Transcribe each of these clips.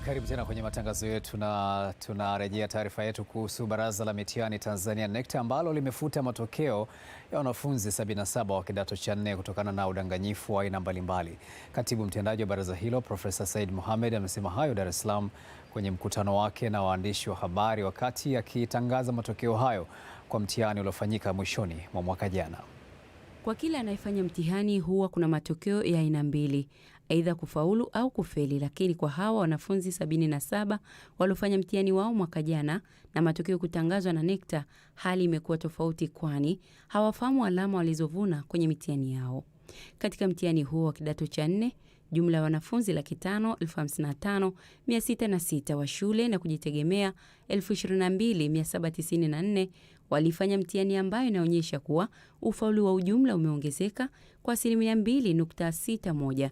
Eh, karibu tena kwenye matangazo yetu na tunarejea taarifa yetu kuhusu baraza la mitihani Tanzania NECTA ambalo limefuta matokeo ya wanafunzi 77 wa kidato cha nne kutokana na udanganyifu wa aina mbalimbali. Katibu mtendaji wa baraza hilo Profesa Said Mohamed amesema hayo Dar es Salaam kwenye mkutano wake na waandishi wa habari wakati akitangaza matokeo hayo kwa mtihani uliofanyika mwishoni mwa mwaka jana. Kwa kila anayefanya mtihani huwa kuna matokeo ya aina mbili, aidha kufaulu au kufeli, lakini kwa hawa wanafunzi 77 waliofanya mtihani wao mwaka jana na matokeo kutangazwa na NECTA, hali imekuwa tofauti, kwani hawafahamu alama walizovuna kwenye mitihani yao. Katika mtihani huo wa kidato cha nne jumla ya wanafunzi laki tano elfu hamsini na tano mia sita na sita wa shule na kujitegemea elfu ishirini na mbili mia saba tisini na nne walifanya mtihani ambayo inaonyesha kuwa ufaulu wa ujumla umeongezeka kwa asilimia mbili nukta sita moja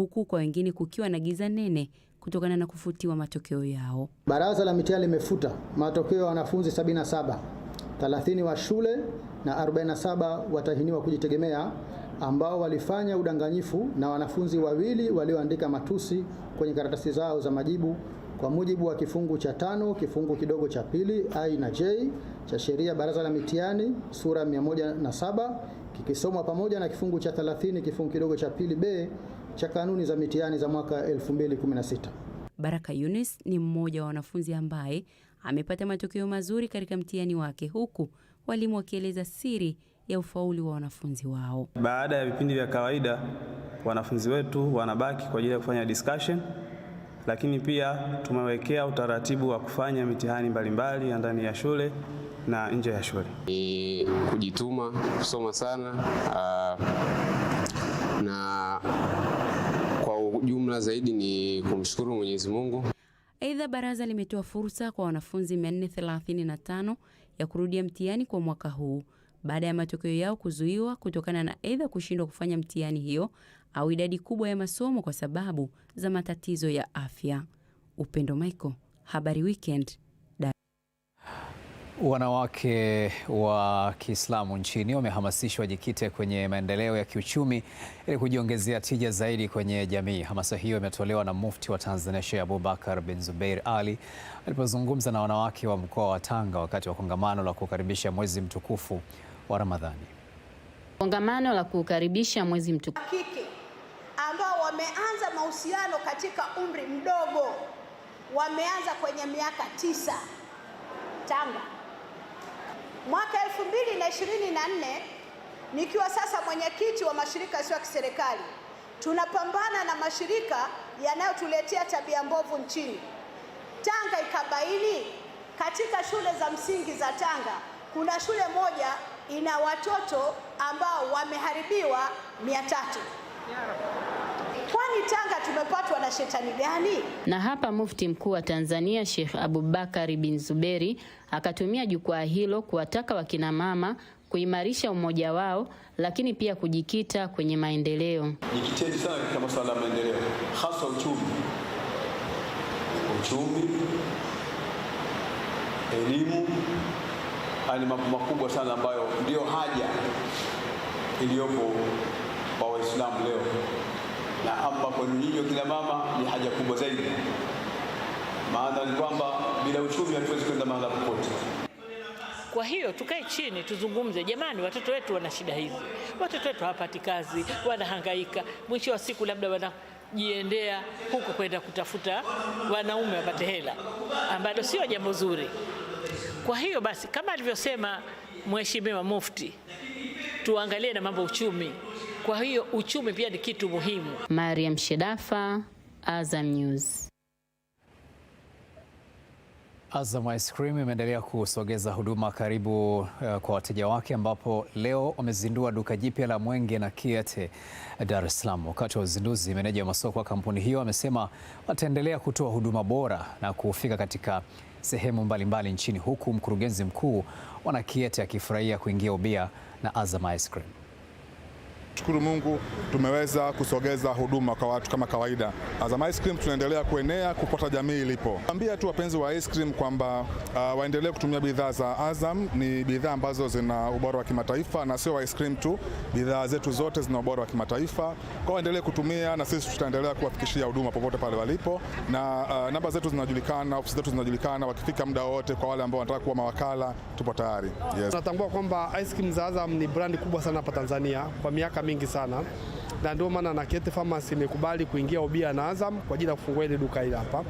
huku kwa wengine kukiwa na giza nene kutokana na kufutiwa matokeo yao. Baraza la mitihani limefuta matokeo ya wanafunzi 77, 30 wa shule na 47 watahiniwa kujitegemea ambao walifanya udanganyifu na wanafunzi wawili walioandika matusi kwenye karatasi zao za majibu kwa mujibu wa kifungu cha tano kifungu kidogo cha pili i na j cha sheria baraza la mitihani sura 107 kikisomwa pamoja na kifungu cha 30 kifungu kidogo cha pili b cha kanuni za mitihani za mwaka 2016. Baraka Yunis ni mmoja wa wanafunzi ambaye amepata matokeo mazuri katika mtihani wake huku walimu wakieleza siri ya ufaulu wa wanafunzi wao. Baada ya vipindi vya kawaida, wanafunzi wetu wanabaki kwa ajili ya kufanya discussion, lakini pia tumewekea utaratibu wa kufanya mitihani mbalimbali ya ndani ya shule na nje ya shule. Ni kujituma, kusoma sana, uh, na jumla zaidi ni kumshukuru Mwenyezi Mungu. Aidha, baraza limetoa fursa kwa wanafunzi 435 ya kurudia mtihani kwa mwaka huu baada ya matokeo yao kuzuiwa kutokana na aidha kushindwa kufanya mtihani hiyo au idadi kubwa ya masomo kwa sababu za matatizo ya afya. Upendo Michael, Habari Weekend. Wanawake wa Kiislamu nchini wamehamasishwa wajikite kwenye maendeleo ya kiuchumi ili kujiongezea tija zaidi kwenye jamii. Hamasa hiyo imetolewa na Mufti wa Tanzania Sheikh Abubakar bin Zubeir Ali alipozungumza na wanawake wa mkoa wa Tanga wakati wa kongamano la kukaribisha mwezi mtukufu wa Ramadhani. Kongamano la kukaribisha mwezi mtukufu kike ambao wameanza mahusiano katika umri mdogo, wameanza kwenye miaka tisa Tanga Mwaka nne nikiwa sasa mwenyekiti wa mashirika yasiyo ya kiserikali, tunapambana na mashirika yanayotuletea tabia mbovu nchini. Tanga ikabaini katika shule za msingi za Tanga kuna shule moja ina watoto ambao wameharibiwa mia tatu. Kwani Tanga tumepatwa na shetani gani? Na hapa Mufti Mkuu wa Tanzania Sheikh Abubakari bin Zuberi akatumia jukwaa hilo kuwataka wakinamama kuimarisha umoja wao, lakini pia kujikita kwenye maendeleo. Jikiteni sana katika masuala ya maendeleo, hasa uchumi, uchumi, elimu. Haya ni mambo makubwa sana ambayo ndiyo haja iliyopo kwa Waislamu leo na hapa kwenu nyinyi kina mama ni haja kubwa zaidi, maana ni kwamba bila uchumi hatuwezi kwenda mahala popote. Kwa hiyo tukae chini tuzungumze, jamani, watoto wetu wana shida hizi, watoto wetu hawapati kazi, wanahangaika, mwisho wa siku labda wanajiendea huko kwenda kutafuta wanaume wapate hela, ambalo sio jambo zuri. Kwa hiyo basi, kama alivyosema Mheshimiwa Mufti, tuangalie na mambo uchumi. Kwa hiyo uchumi pia ni kitu muhimu. Mariam Shedafa, Azam News. Azam Ice Cream imeendelea kusogeza huduma karibu uh, kwa wateja wake ambapo leo wamezindua duka jipya la Mwenge na Kiete Dar es Salaam. Wakati wa uzinduzi, meneja wa masoko wa kampuni hiyo amesema wataendelea kutoa huduma bora na kufika katika sehemu mbalimbali mbali nchini, huku mkurugenzi mkuu wa Kiete akifurahia kuingia ubia na Azam Ice Cream. Shukuru Mungu tumeweza kusogeza huduma kwa watu kama kawaida. Azam Ice Cream tunaendelea kuenea kupata jamii ilipo. Ambia tu wapenzi wa ice cream kwamba uh, waendelee kutumia bidhaa za Azam. Ni bidhaa ambazo zina ubora wa kimataifa na sio ice cream tu, bidhaa zetu zote zina ubora wa kimataifa. Kwa waendelee kutumia na sisi tutaendelea kuwafikishia huduma popote pale walipo, na uh, namba zetu zinajulikana, ofisi zetu zinajulikana, wakifika muda wote. Kwa wale ambao wanataka kuwa mawakala, tupo tayari. Yes. Natambua kwamba ice cream za Azam ni brandi kubwa sana hapa Tanzania kwa miaka mingi sana, na ndio maana Nakete Pharmacy imekubali kuingia ubia na Azam kwa ajili ya kufungua ile duka hili hapa.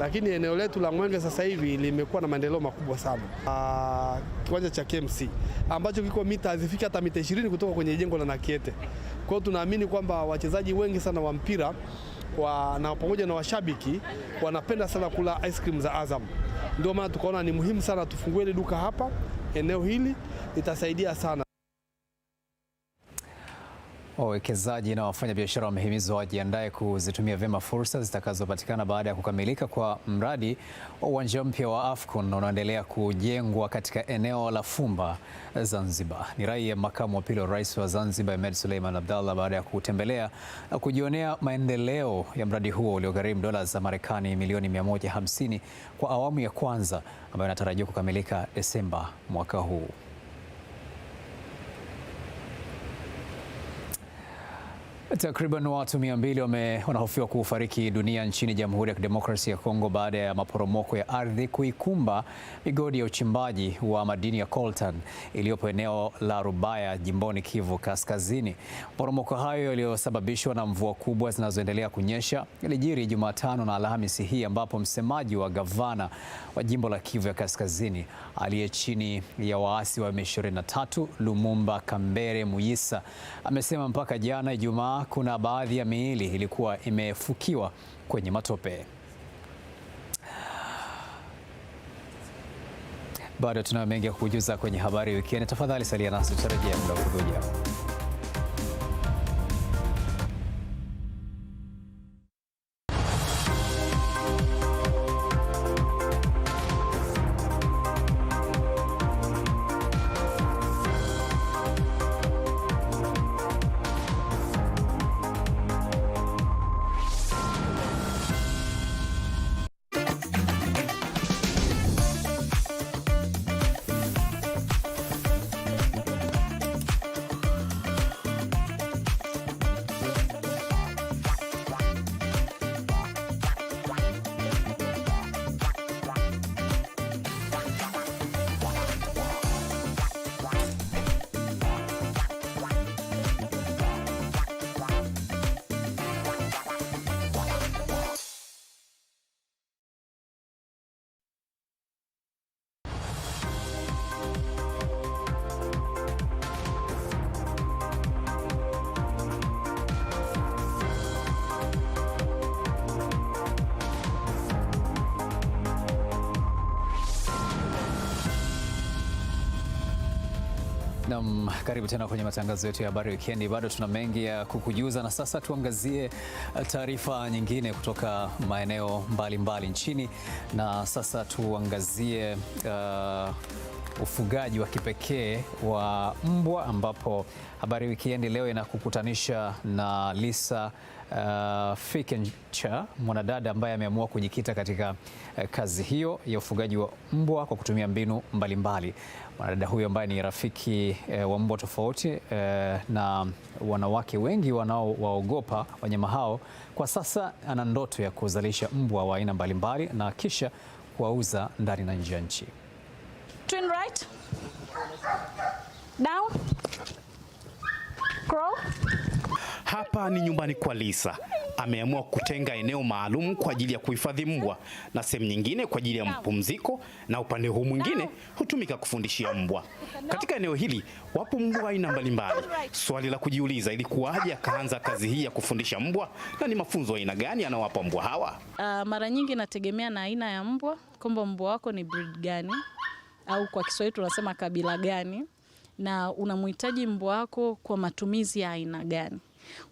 Lakini eneo letu la Mwenge sasa hivi limekuwa na maendeleo makubwa sana. Aa, ah, kiwanja cha KMC ambacho kiko mita zifika hata mita 20 kutoka kwenye jengo la Nakete. Kwa hiyo tunaamini kwamba wachezaji wengi sana wa mpira wa, na pamoja na washabiki wanapenda sana kula ice cream za Azam. Ndio maana tukaona ni muhimu sana tufungue ile duka hapa. Eneo hili litasaidia sana. Wawekezaji na wafanyabiashara wamehimizwa wajiandae kuzitumia vyema fursa zitakazopatikana baada ya kukamilika kwa mradi wa uwanja mpya wa AFCON unaoendelea kujengwa katika eneo la Fumba, Zanzibar. Ni rai ya makamu wa pili wa rais wa Zanzibar, Ahmed Suleiman Abdallah, baada ya kutembelea na kujionea maendeleo ya mradi huo uliogharimu dola za Marekani milioni 150 kwa awamu ya kwanza ambayo inatarajiwa kukamilika Desemba mwaka huu. Takriban watu mia mbili wanahofiwa kufariki dunia nchini Jamhuri ya Kidemokrasia ya Kongo baada ya maporomoko ya ardhi kuikumba migodi ya uchimbaji wa madini ya coltan iliyopo eneo la Rubaya jimboni Kivu Kaskazini. Maporomoko hayo yaliyosababishwa na mvua kubwa zinazoendelea kunyesha yalijiri Jumatano na Alhamisi hii ambapo msemaji wa gavana wa jimbo la Kivu ya Kaskazini aliye chini ya waasi wa M23 Lumumba Kambere Muyisa amesema mpaka jana Ijumaa kuna baadhi ya miili ilikuwa imefukiwa kwenye matope. Bado tunayo mengi ya kujuza kwenye habari wikiani. Tafadhali salia nasi, tutarejea muda mfupi ujao. Mm, karibu tena kwenye matangazo yetu ya habari wikendi. Bado tuna mengi ya kukujuza, na sasa tuangazie eh, taarifa nyingine kutoka maeneo mbalimbali mbali nchini, na sasa tuangazie uh, ufugaji wa kipekee wa mbwa, ambapo Habari Wikiendi leo inakukutanisha na Lisa uh, Fikencha, mwanadada ambaye ameamua kujikita katika uh, kazi hiyo ya ufugaji wa mbwa kwa kutumia mbinu mbalimbali. Mwanadada huyo ambaye ni rafiki uh, wa mbwa tofauti uh, na wanawake wengi wanaowaogopa wanyama hao, kwa sasa ana ndoto ya kuzalisha mbwa wa aina mbalimbali na kisha kuwauza ndani na nje ya nchi. Twin right. Down. Crow. Hapa ni nyumbani kwa Lisa. Ameamua kutenga eneo maalum kwa ajili ya kuhifadhi mbwa na sehemu nyingine kwa ajili ya mpumziko na upande huu mwingine hutumika kufundishia mbwa. Katika eneo hili wapo mbwa aina mbalimbali. Swali la kujiuliza, ilikuwaje akaanza kazi hii ya kufundisha mbwa na ni mafunzo aina gani anawapa mbwa hawa? Uh, mara nyingi inategemea na aina ya mbwa, kwamba mbwa wako ni breed gani au kwa Kiswahili tunasema kabila gani, na unamhitaji mbwa wako kwa matumizi ya aina gani.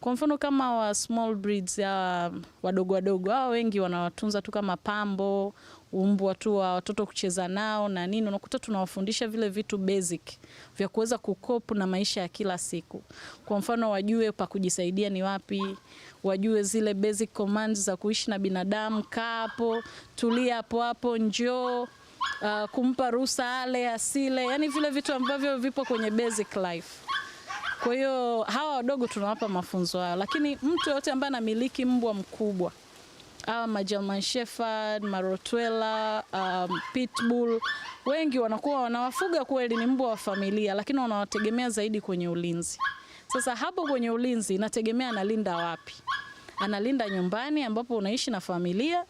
Kwa mfano kama wa small breeds ya wadogo wadogo, hao wengi wanawatunza tu kama pambo, umbwa tu wa watoto kucheza nao na nini, unakuta tunawafundisha vile vitu basic vya kuweza kukopu na maisha ya kila siku. Kwa mfano wajue pa kujisaidia ni wapi, wajue zile basic commands za kuishi na binadamu, kaa hapo, tulia hapo hapo, njoo uh, kumpa ruhusa ale asile, yani vile vitu ambavyo vipo kwenye basic life. Kwa hiyo hawa wadogo tunawapa mafunzo hayo, lakini mtu yoyote ambaye anamiliki mbwa mkubwa hawa German shepherd, marotwela, um, pitbull wengi wanakuwa wanawafuga kweli, ni mbwa wa familia, lakini wanawategemea zaidi kwenye ulinzi. Sasa hapo kwenye ulinzi inategemea analinda wapi, analinda nyumbani ambapo unaishi na familia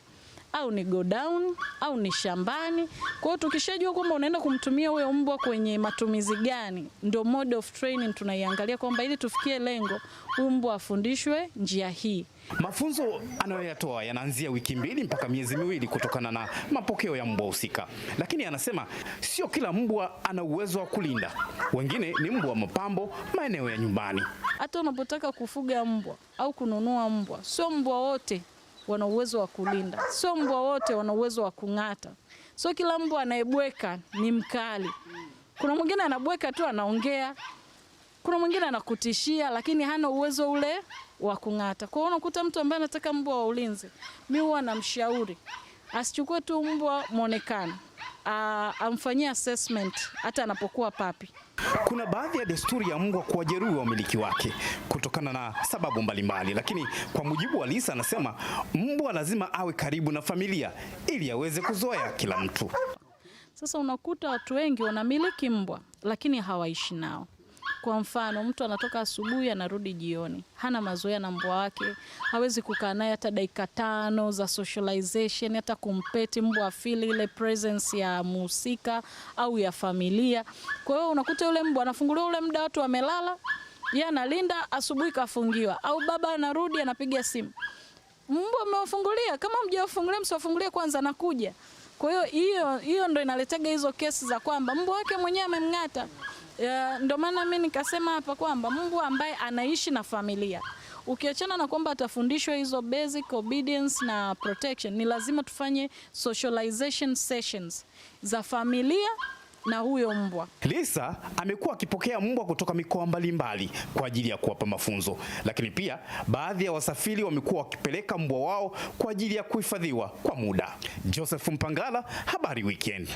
au ni down au ni shambani. Kwa hiyo tukishajua kwamba unaenda kumtumia huyo mbwa kwenye matumizi gani, ndio mode of training tunaiangalia kwamba ili tufikie lengo, huyu mbwa afundishwe njia hii. Mafunzo anayoyatoa yanaanzia wiki mbili mpaka miezi miwili kutokana na mapokeo ya mbwa husika, lakini anasema sio kila mbwa ana uwezo wa kulinda. Wengine ni mbwa mapambo, maeneo ya nyumbani. Hata unapotaka kufuga mbwa au kununua mbwa, sio mbwa wote wana uwezo wa kulinda, sio mbwa wote wana uwezo wa kung'ata, sio kila mbwa anayebweka ni mkali. Kuna mwingine anabweka tu anaongea, kuna mwingine anakutishia, lakini hana uwezo ule wa kung'ata. Kwa hiyo unakuta mtu ambaye anataka mbwa wa ulinzi, mi huwa namshauri asichukue tu mbwa mwonekano, amfanyie assessment hata anapokuwa papi. Kuna baadhi ya desturi ya mbwa kuwajeruhi wamiliki wake kutokana na sababu mbalimbali, lakini kwa mujibu wa Lisa anasema mbwa lazima awe karibu na familia ili aweze kuzoea kila mtu. Sasa unakuta watu wengi wanamiliki mbwa lakini hawaishi nao. Kwa mfano, mtu anatoka asubuhi anarudi jioni, hana mazoea na mbwa wake, hawezi kukaa naye hata dakika tano za socialization, hata kumpeti mbwa afili ile presence ya muhusika au ya familia. Kwa hiyo unakuta yule mbwa anafunguliwa ule muda watu wamelala, yeye analinda, asubuhi kafungiwa, au baba anarudi anapiga simu, mbwa mmewafungulia? Kama mjawafungulia msiwafungulie kwanza, nakuja. Kwa hiyo hiyo hiyo ndo inaletaga hizo kesi za kwamba mbwa wake mwenyewe amemng'ata. Uh, ndio maana mimi nikasema hapa kwamba Mungu ambaye anaishi na familia, ukiachana na kwamba atafundishwa hizo basic obedience na protection, ni lazima tufanye socialization sessions za familia na huyo mbwa. Lisa amekuwa akipokea mbwa kutoka mikoa mbalimbali kwa ajili ya kuwapa mafunzo, lakini pia baadhi ya wasafiri wamekuwa wakipeleka mbwa wao kwa ajili ya kuhifadhiwa kwa muda. Joseph Mpangala, Habari Weekend.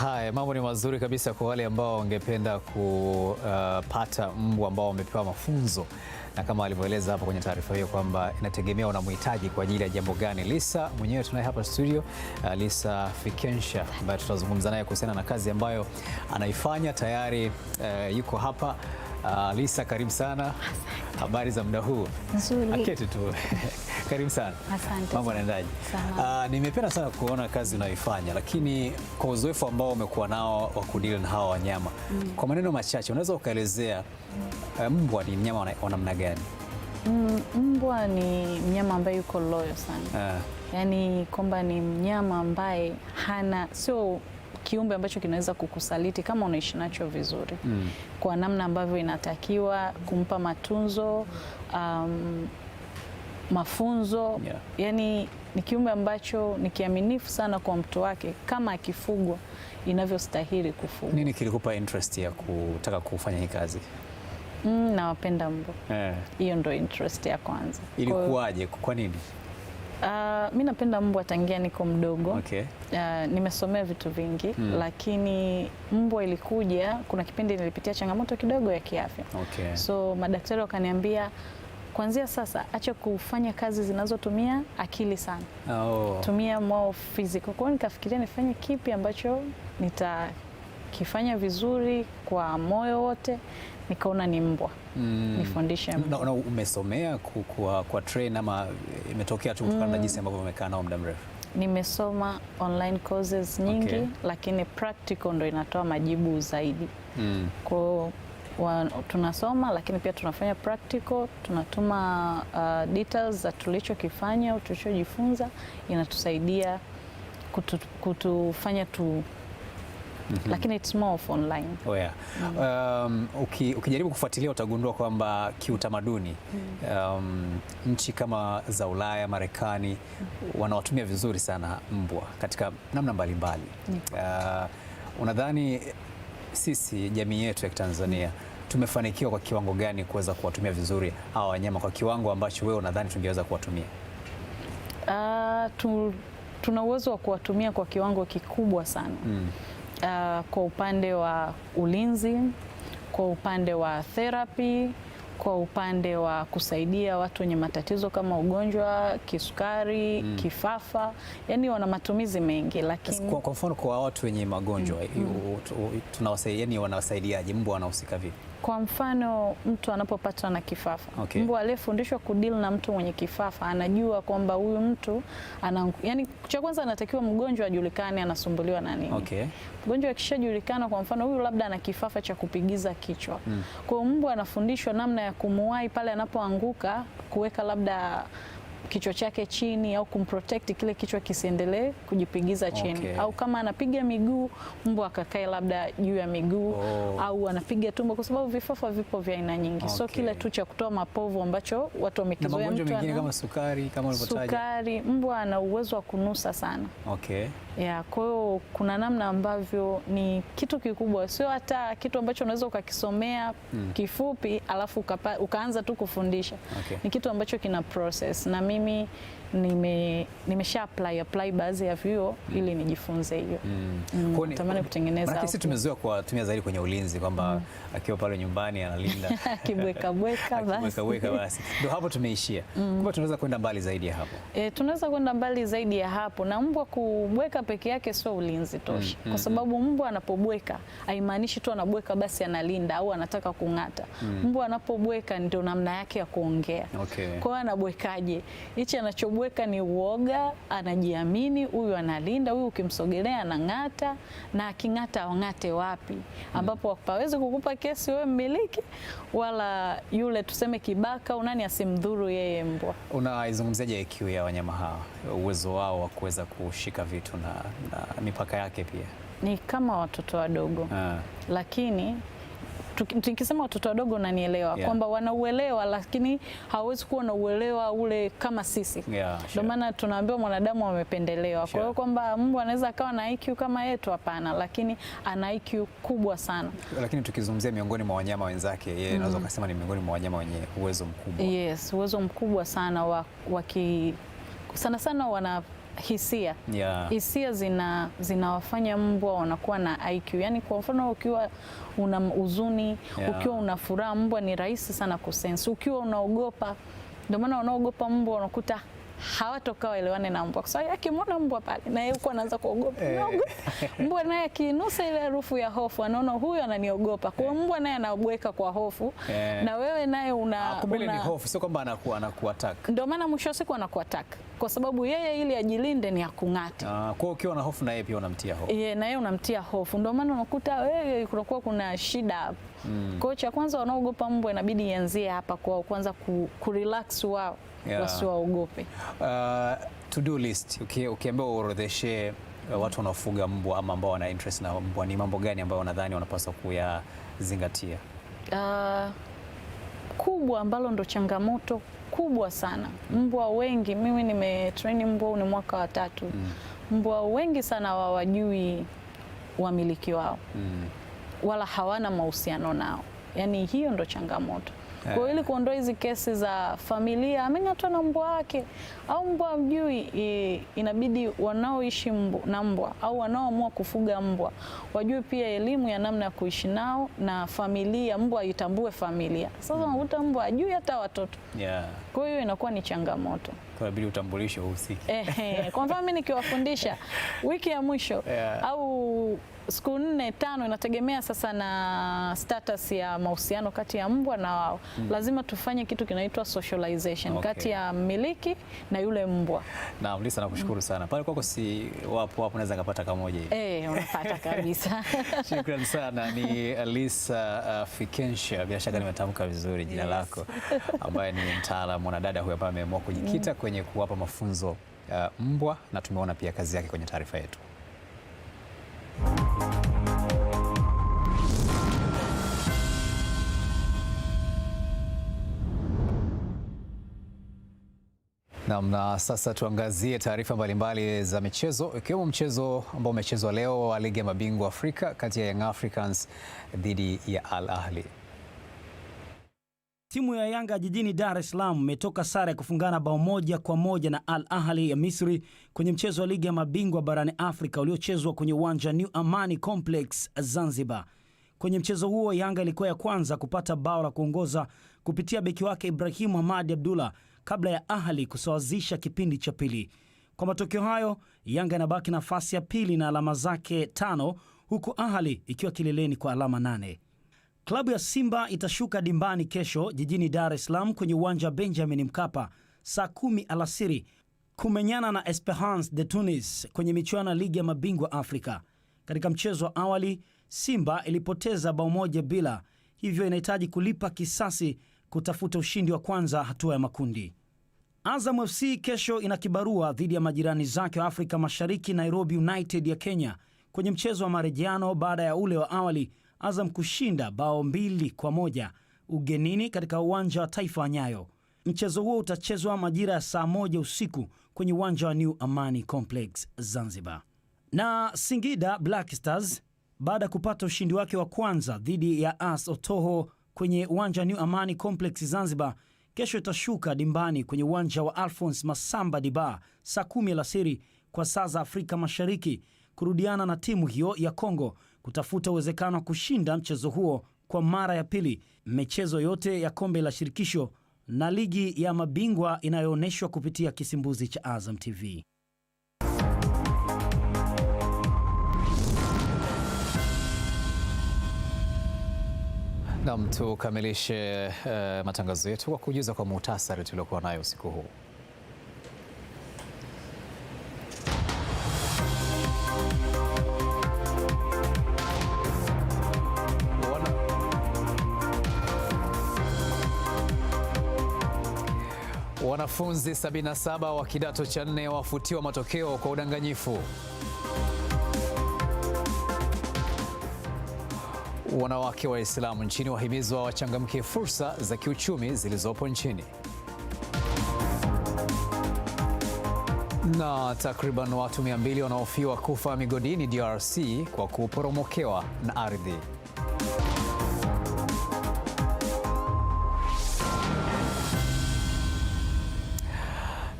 Haya, mambo ni mazuri kabisa kwa wale ambao wangependa kupata uh, mbu ambao wamepewa mafunzo, na kama alivyoeleza hapo kwenye taarifa hiyo kwamba inategemea unamhitaji kwa ajili ya jambo gani. Lisa mwenyewe tunaye hapa studio, uh, Lisa Fikensha ambaye tutazungumza naye kuhusiana na kazi ambayo anaifanya tayari. Uh, yuko hapa uh, Lisa, karibu sana. Habari za muda huu? Nzuri. Aketi tu Karibu sana. Asante. Mambo yanaendaje? Ah, nimependa sana kuona kazi unayoifanya, lakini kwa uzoefu ambao umekuwa nao wa kudili na hawa wanyama mm. Kwa maneno machache unaweza ukaelezea eh, mbwa ni mnyama wa namna gani? Mm, mbwa ni mnyama ambaye yuko loyo sana ah. Yaani kwamba ni mnyama ambaye hana sio kiumbe ambacho kinaweza kukusaliti kama unaishi nacho vizuri mm. Kwa namna ambavyo inatakiwa kumpa matunzo um, mafunzo yeah. Yani ni kiumbe ambacho ni kiaminifu sana kwa mtu wake kama akifugwa inavyostahili kufugwa. Nini kilikupa interest ya kutaka kufanya hii kazi? Mm, nawapenda mbwa eh. hiyo yeah. Ndo interest ya kwanza. Ilikuwaje? Kwa nini? Uh, mi napenda mbwa tangia niko mdogo okay. Uh, nimesomea vitu vingi mm. Lakini mbwa ilikuja, kuna kipindi nilipitia changamoto kidogo ya kiafya okay. So madaktari wakaniambia kuanzia sasa acha kufanya kazi zinazotumia akili sana. Oh. Tumia more physical. Kwa hiyo nikafikiria nifanye kipi ambacho nitakifanya vizuri kwa moyo wote, nikaona ni mbwa. Mm. Nifundishe mbwa. No, no, umesomea kwa, kwa train ama imetokea tu kutokana na mm. jinsi ambavyo umekaa nao muda mrefu? Nimesoma online courses nyingi. Okay. Lakini practical ndo inatoa majibu zaidi. Mm. Kwa wa, tunasoma lakini pia tunafanya practical, tunatuma uh, details za tulichokifanya tulichojifunza, inatusaidia kutu, kutufanya tu Mm -hmm. Lakini it's more of online. Oh yeah. mm -hmm. Um, uki, ukijaribu kufuatilia utagundua kwamba kiutamaduni mm -hmm. um, nchi kama za Ulaya, Marekani mm -hmm. wanawatumia vizuri sana mbwa katika namna mbalimbali mbali. mm -hmm. Uh, unadhani sisi jamii yetu ya Kitanzania tumefanikiwa kwa kiwango gani kuweza kuwatumia vizuri hawa wanyama kwa kiwango ambacho wewe unadhani tungeweza kuwatumia? Uh, tu, tuna uwezo wa kuwatumia kwa kiwango kikubwa sana mm. Uh, kwa upande wa ulinzi, kwa upande wa therapy kwa upande wa kusaidia watu wenye matatizo kama ugonjwa kisukari, mm. kifafa, yani wana matumizi mengi lakini... Kwa mfano kwa watu wenye magonjwa mm. tunawasaidia, yani wanawasaidiaje? Mbwa wanahusika vipi? Kwa mfano mtu anapopatwa na kifafa okay. Mbwa aliyefundishwa kudili na mtu mwenye kifafa anajua kwamba huyu mtu ana, yani cha kwanza anatakiwa mgonjwa ajulikane anasumbuliwa na nini okay. Mgonjwa akishajulikana, kwa mfano huyu labda ana kifafa cha kupigiza kichwa mm. Kwa hiyo mbwa anafundishwa namna ya kumuwai pale anapoanguka, kuweka labda kichwa chake chini au kumprotect kile kichwa kisiendelee kujipigiza chini okay. Au kama anapiga miguu mbwa akakae labda juu ya miguu oh. Au anapiga tumbo, kwa sababu vifafa vipo vya aina nyingi okay. So kile tu cha kutoa mapovu ambacho watu wamekizoea, mtu ana kama sukari, kama ulivyotaja sukari, mbwa ana uwezo wa kunusa sana okay. Ya, kwa hiyo kuna namna ambavyo ni kitu kikubwa, sio hata kitu ambacho unaweza ukakisomea mm. kifupi alafu uka, ukaanza tu kufundisha okay. Ni kitu ambacho kina process na mimi me nime nimesha apply apply baadhi ya vyuo mm. ili nijifunze hiyo mm. mm. natamani kutengeneza. Lakini Sisi tumezoea kuwatumia zaidi kwenye ulinzi kwamba mm. akiwa pale nyumbani analinda kibweka bweka basi bweka basi ndio hapo tumeishia mm. kwa tunaweza kwenda mbali zaidi ya hapo e, tunaweza kwenda mbali zaidi ya hapo, na mbwa kubweka peke yake sio ulinzi tosha mm. kwa mm, sababu mm. mbwa anapobweka haimaanishi tu anabweka basi analinda au anataka kung'ata mm. mbwa anapobweka ndio namna yake ya kuongea okay. kwa hiyo anabwekaje hichi anacho kumweka ni uoga, anajiamini huyu, analinda huyu, ukimsogelea anang'ata, na aking'ata awang'ate wapi? Hmm. Ambapo hawezi kukupa kesi wewe mmiliki, wala yule tuseme kibaka unani asimdhuru yeye mbwa. Unaizungumziaje IQ ya wanyama hawa, uwezo wao wa kuweza kushika vitu na, na mipaka yake pia? Ni kama watoto wadogo, ah. lakini tukisema watoto wadogo unanielewa, yeah. kwamba wanauelewa lakini hawawezi kuwa na uelewa ule kama sisi ndio yeah, sure. maana tunaambiwa mwanadamu amependelewa sure. kwa hiyo kwamba Mungu anaweza akawa na IQ kama yetu hapana, lakini ana IQ kubwa sana. Lakini tukizungumzia miongoni mwa wanyama wenzake, yeye mm-hmm. naweza mm. kusema ni miongoni mwa wanyama wenye uwezo mkubwa. Yes, uwezo mkubwa sana wa, wa ki, sana sana wana hisia yeah. Hisia zina zinawafanya mbwa wanakuwa na IQ. Yaani kwa mfano ukiwa una huzuni yeah. Ukiwa una furaha mbwa ni rahisi sana kusense. Ukiwa unaogopa, ndio maana wanaogopa mbwa wanakuta hawatoka waelewane na mbwa, kwa sababu akimwona mbwa pale na yeye huko anaanza kuogopa eh. mbwa naye akinusa ile harufu ya hofu anaona huyu ananiogopa. Kwa hiyo eh. mbwa naye anabweka kwa hofu eh. na wewe naye una, ah, kumbe una... ni hofu, sio kwamba anakuwa anakuattack. Ndio maana mwisho wa siku anakuattack kwa sababu yeye ili ajilinde ni akung'ate. Ah, kwa hiyo ukiwa na hofu na yeye pia unamtia hofu. Yeye na yeye unamtia hofu, ndio maana unakuta wewe kunakuwa kuna shida hapo mm. Kwa hiyo cha kwanza wanaogopa mbwa inabidi ianzie hapa kwao, kwanza ku, ku relax wao yeah. Wasiwaogope. Uh, to-do list ukiambiwa okay, uorodheshe uh, watu wanaofuga mbwa ama ambao wana interest na mbwa, ni mambo gani ambayo unadhani wanapaswa kuyazingatia? Uh, kubwa ambalo ndo changamoto kubwa sana, mm. mbwa wengi, mimi nimetrain mbwa ni mwaka wa tatu mm. Mbwa wengi sana wawajui wamiliki wao mm. Wala hawana mahusiano nao, yaani hiyo ndo changamoto yeah. Kwa ili kuondoa hizi kesi za familia ameng'atwa na mbwa wake au mbwa e, inabidi wanaoishi na mbwa au wanaoamua kufuga mbwa wajue pia elimu ya namna ya kuishi nao na familia, mbwa itambue familia. Sasa hmm. unakuta mm. mbwa ajui hata watoto yeah. Kwa hiyo inakuwa ni changamoto inabidi utambulisho uhusike. kwa mfano mimi nikiwafundisha wiki ya mwisho yeah. au siku nne tano, inategemea sasa na status ya mahusiano kati ya mbwa na wao mm. lazima tufanye kitu kinaitwa socialization okay. kati ya mmiliki na yule mbwa. Na Lisa nakushukuru mm. sana pale kwako, si wapo wapo, naweza kapata kamoja hivi eh, unapata kabisa shukrani sana. Ni Lisa uh, Fikensha, bila shaka nimetamka vizuri jina yes. lako, ambaye ni mtaalamu dada huyo ambaye ameamua kujikita mm kwenye kuwapa mafunzo uh, mbwa na tumeona pia kazi yake kwenye taarifa yetu. Naam, na sasa tuangazie taarifa mbalimbali za michezo ikiwemo mchezo ambao umechezwa leo wa ligi ya mabingwa Afrika kati ya Young Africans dhidi ya Al Ahli. Timu ya Yanga jijini Dar es Salaam imetoka sare ya kufungana bao moja kwa moja na Al Ahli ya Misri kwenye mchezo wa ligi ya mabingwa barani Afrika uliochezwa kwenye uwanja New Amani Complex Zanzibar. Kwenye mchezo huo Yanga ilikuwa ya kwanza kupata bao la kuongoza kupitia beki wake Ibrahimu Hamadi Abdullah kabla ya Ahli kusawazisha kipindi cha pili. Kwa matokeo hayo, Yanga inabaki nafasi ya pili na alama zake tano, huku Ahli ikiwa kileleni kwa alama nane. Klabu ya Simba itashuka dimbani kesho jijini Dar es Salaam kwenye uwanja wa Benjamin Mkapa saa kumi alasiri kumenyana na Esperance de Tunis kwenye michuano ya ligi ya mabingwa Afrika. Katika mchezo wa awali Simba ilipoteza bao moja bila, hivyo inahitaji kulipa kisasi kutafuta ushindi wa kwanza hatua ya makundi. Azam FC kesho ina kibarua dhidi ya majirani zake wa Afrika Mashariki, Nairobi United ya Kenya, kwenye mchezo wa marejeano baada ya ule wa awali Azam kushinda bao mbili kwa moja ugenini katika uwanja wa taifa wa Nyayo. Mchezo huo utachezwa majira ya saa moja usiku kwenye uwanja wa New Amani Complex Zanzibar. Na Singida Black Stars baada ya kupata ushindi wake wa kwanza dhidi ya AS Otoho kwenye uwanja wa New Amani Complex Zanzibar, kesho itashuka dimbani kwenye uwanja wa Alphonse Masamba Diba saa kumi alasiri kwa saa za Afrika Mashariki kurudiana na timu hiyo ya congo kutafuta uwezekano wa kushinda mchezo huo kwa mara ya pili, michezo yote ya kombe la shirikisho na ligi ya mabingwa inayoonyeshwa kupitia kisimbuzi cha Azam TV. Nam, tukamilishe uh, matangazo yetu kwa kujuza kwa muhtasari tuliokuwa nayo usiku huu. Wanafunzi 77 wa kidato cha nne wafutiwa matokeo kwa udanganyifu. Wanawake Waislamu nchini wahimizwa wachangamke fursa za kiuchumi zilizopo nchini. Na takriban watu 200 wanaofiwa kufa migodini DRC kwa kuporomokewa na ardhi.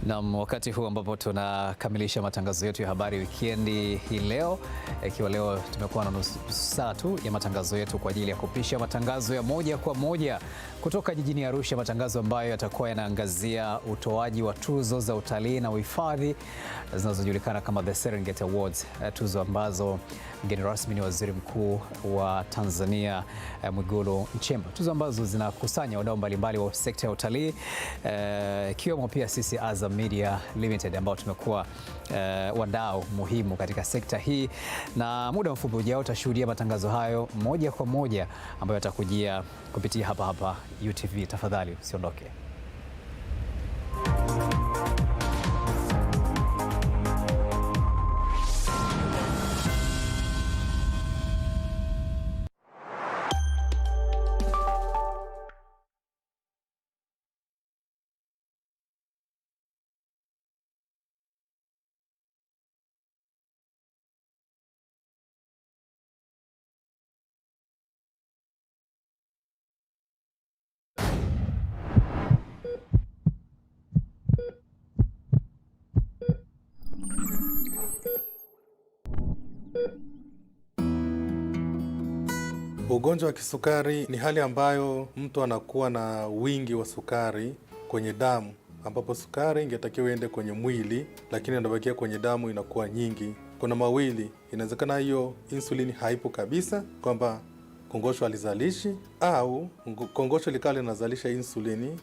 Nam, wakati huu ambapo tunakamilisha matangazo yetu ya habari wikendi hii leo, ikiwa leo tumekuwa na nusu saa tu ya matangazo yetu kwa ajili ya kupisha matangazo ya moja kwa moja kutoka jijini Arusha, matangazo ambayo yatakuwa yanaangazia utoaji wa tuzo za utalii na uhifadhi zinazojulikana kama The Serengeti Awards, eh, tuzo ambazo mgeni rasmi ni Waziri Mkuu wa Tanzania eh, Mwigulu Nchemba, tuzo ambazo zinakusanya wadau mbalimbali wa sekta ya utalii eh, ikiwemo pia sisi Azam Media Limited ambao tumekuwa uh, wadau muhimu katika sekta hii, na muda mfupi ujao utashuhudia matangazo hayo moja kwa moja ambayo yatakujia kupitia hapa hapa UTV. Tafadhali usiondoke. Ugonjwa wa kisukari ni hali ambayo mtu anakuwa na wingi wa sukari kwenye damu, ambapo sukari ingetakiwa iende kwenye mwili, lakini inabakia kwenye damu, inakuwa nyingi. Kuna mawili, inawezekana hiyo insulini haipo kabisa, kwamba kongosho alizalishi, au kongosho likawa linazalisha insulini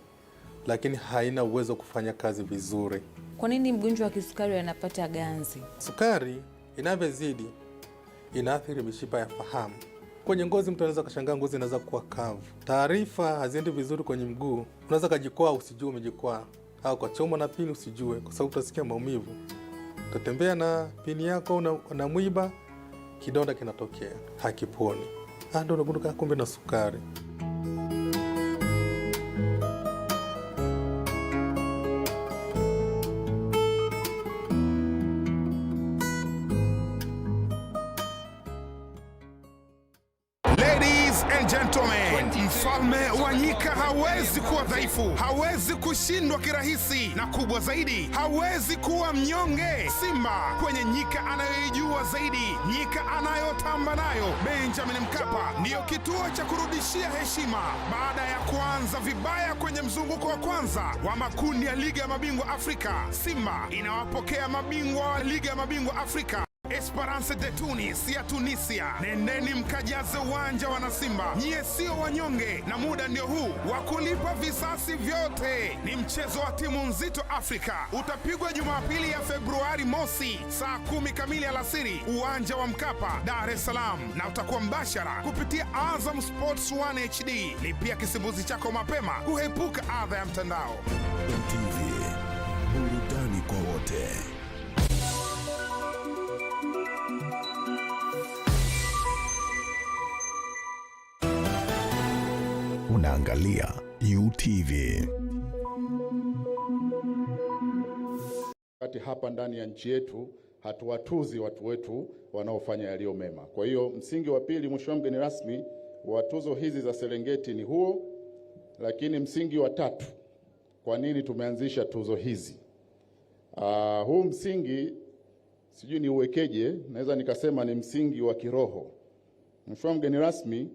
lakini haina uwezo wa kufanya kazi vizuri. Kwa nini mgonjwa wa kisukari anapata ganzi? Sukari inavyozidi inaathiri mishipa ya fahamu Kwenye ngozi mtu anaweza kashangaa ngozi inaweza kuwa kavu, taarifa haziendi vizuri kwenye mguu, unaweza kajikwaa usijue umejikwaa, au kwa choma na pini usijue, kwa sababu utasikia maumivu. Utatembea na pini yako na, na mwiba, kidonda kinatokea, hakiponi. Ah, Ndo unagunduka kumbe na sukari. hawezi kuwa dhaifu, hawezi kushindwa kirahisi, na kubwa zaidi, hawezi kuwa mnyonge. Simba kwenye nyika anayoijua zaidi, nyika anayotamba nayo, Benjamin Mkapa ndiyo kituo cha kurudishia heshima baada ya kuanza vibaya kwenye mzunguko wa kwanza wa makundi ya Liga ya Mabingwa Afrika. Simba inawapokea mabingwa wa Liga ya Mabingwa Afrika. Esperance de Tunis ya Tunisia. Nendeni mkajaze uwanja wanasimba, nyiye sio wanyonge, na muda ndio huu wa kulipa visasi vyote. Ni mchezo wa timu nzito Afrika, utapigwa Jumapili ya Februari mosi saa kumi kamili alasiri, uwanja wa Mkapa, Dar es Salaam, na utakuwa mbashara kupitia Azam Sports 1 HD. Lipia kisimbuzi chako mapema kuhepuka adha ya mtandao. NTV, burudani kwa wote. Unaangalia UTV. Kati hapa ndani ya nchi yetu hatuwatuzi watu wetu wanaofanya yaliyo mema. Kwa hiyo msingi wa pili, mheshimiwa mgeni rasmi, wa tuzo hizi za Serengeti ni huo, lakini msingi wa tatu, kwa nini tumeanzisha tuzo hizi? Uh, huu msingi sijui ni uwekeje, naweza nikasema ni msingi wa kiroho. Mheshimiwa mgeni rasmi,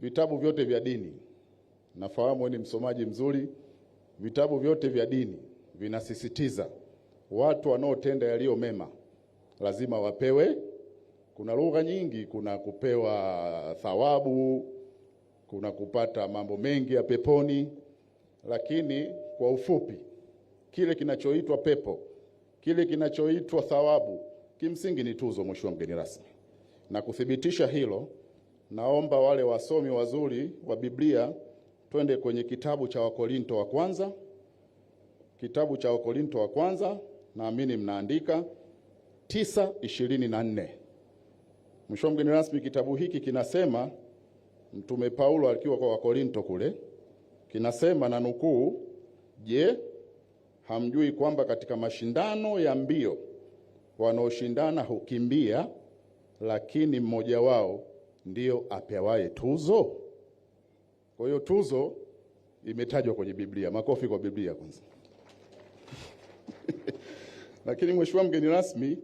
vitabu vyote vya dini, nafahamu wewe ni msomaji mzuri, vitabu vyote vya dini vinasisitiza watu wanaotenda yaliyo mema lazima wapewe. Kuna lugha nyingi, kuna kupewa thawabu, kuna kupata mambo mengi ya peponi, lakini kwa ufupi, kile kinachoitwa pepo, kile kinachoitwa thawabu, kimsingi ni tuzo, Mheshimiwa mgeni rasmi, na kuthibitisha hilo naomba wale wasomi wazuri wa Biblia twende kwenye kitabu cha Wakorinto wa kwanza, kitabu cha Wakorinto wa kwanza, naamini mnaandika tisa ishirini na nne. mgeni rasmi, kitabu hiki kinasema Mtume Paulo akiwa kwa Wakorinto kule, kinasema na nukuu, je, hamjui kwamba katika mashindano ya mbio wanaoshindana hukimbia, lakini mmoja wao ndiyo apewaye tuzo. Kwa hiyo tuzo imetajwa kwenye Biblia. Makofi kwa Biblia kwanza. Lakini mheshimiwa mgeni rasmi,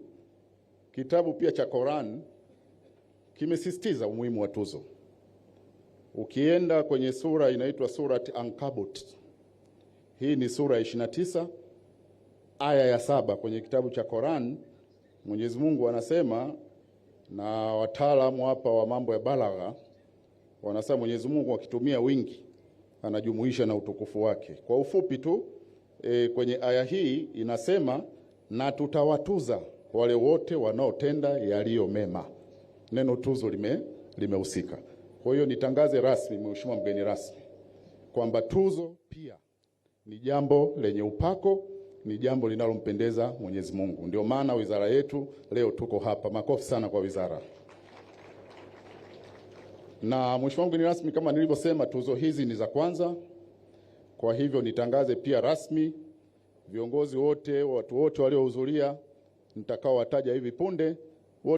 kitabu pia cha Koran kimesisitiza umuhimu wa tuzo. Ukienda kwenye sura inaitwa Surat Ankabut, hii ni sura 29 aya ya saba kwenye kitabu cha Koran, Mwenyezi Mungu anasema na wataalamu hapa wa mambo ya balagha wanasema Mwenyezi Mungu akitumia wingi anajumuisha na utukufu wake. Kwa ufupi tu e, kwenye aya hii inasema na tutawatuza wale wote wanaotenda yaliyo mema. Neno tuzo lime limehusika. Kwa hiyo nitangaze rasmi, Mheshimiwa mgeni rasmi, kwamba tuzo pia ni jambo lenye upako ni jambo linalompendeza Mwenyezi Mungu. Ndio maana wizara yetu leo tuko hapa. Makofi sana kwa wizara. Na mheshimiwa mgeni rasmi, kama nilivyosema, tuzo hizi ni za kwanza. Kwa hivyo nitangaze pia rasmi viongozi wote, watu wote waliohudhuria nitakaowataja hivi punde.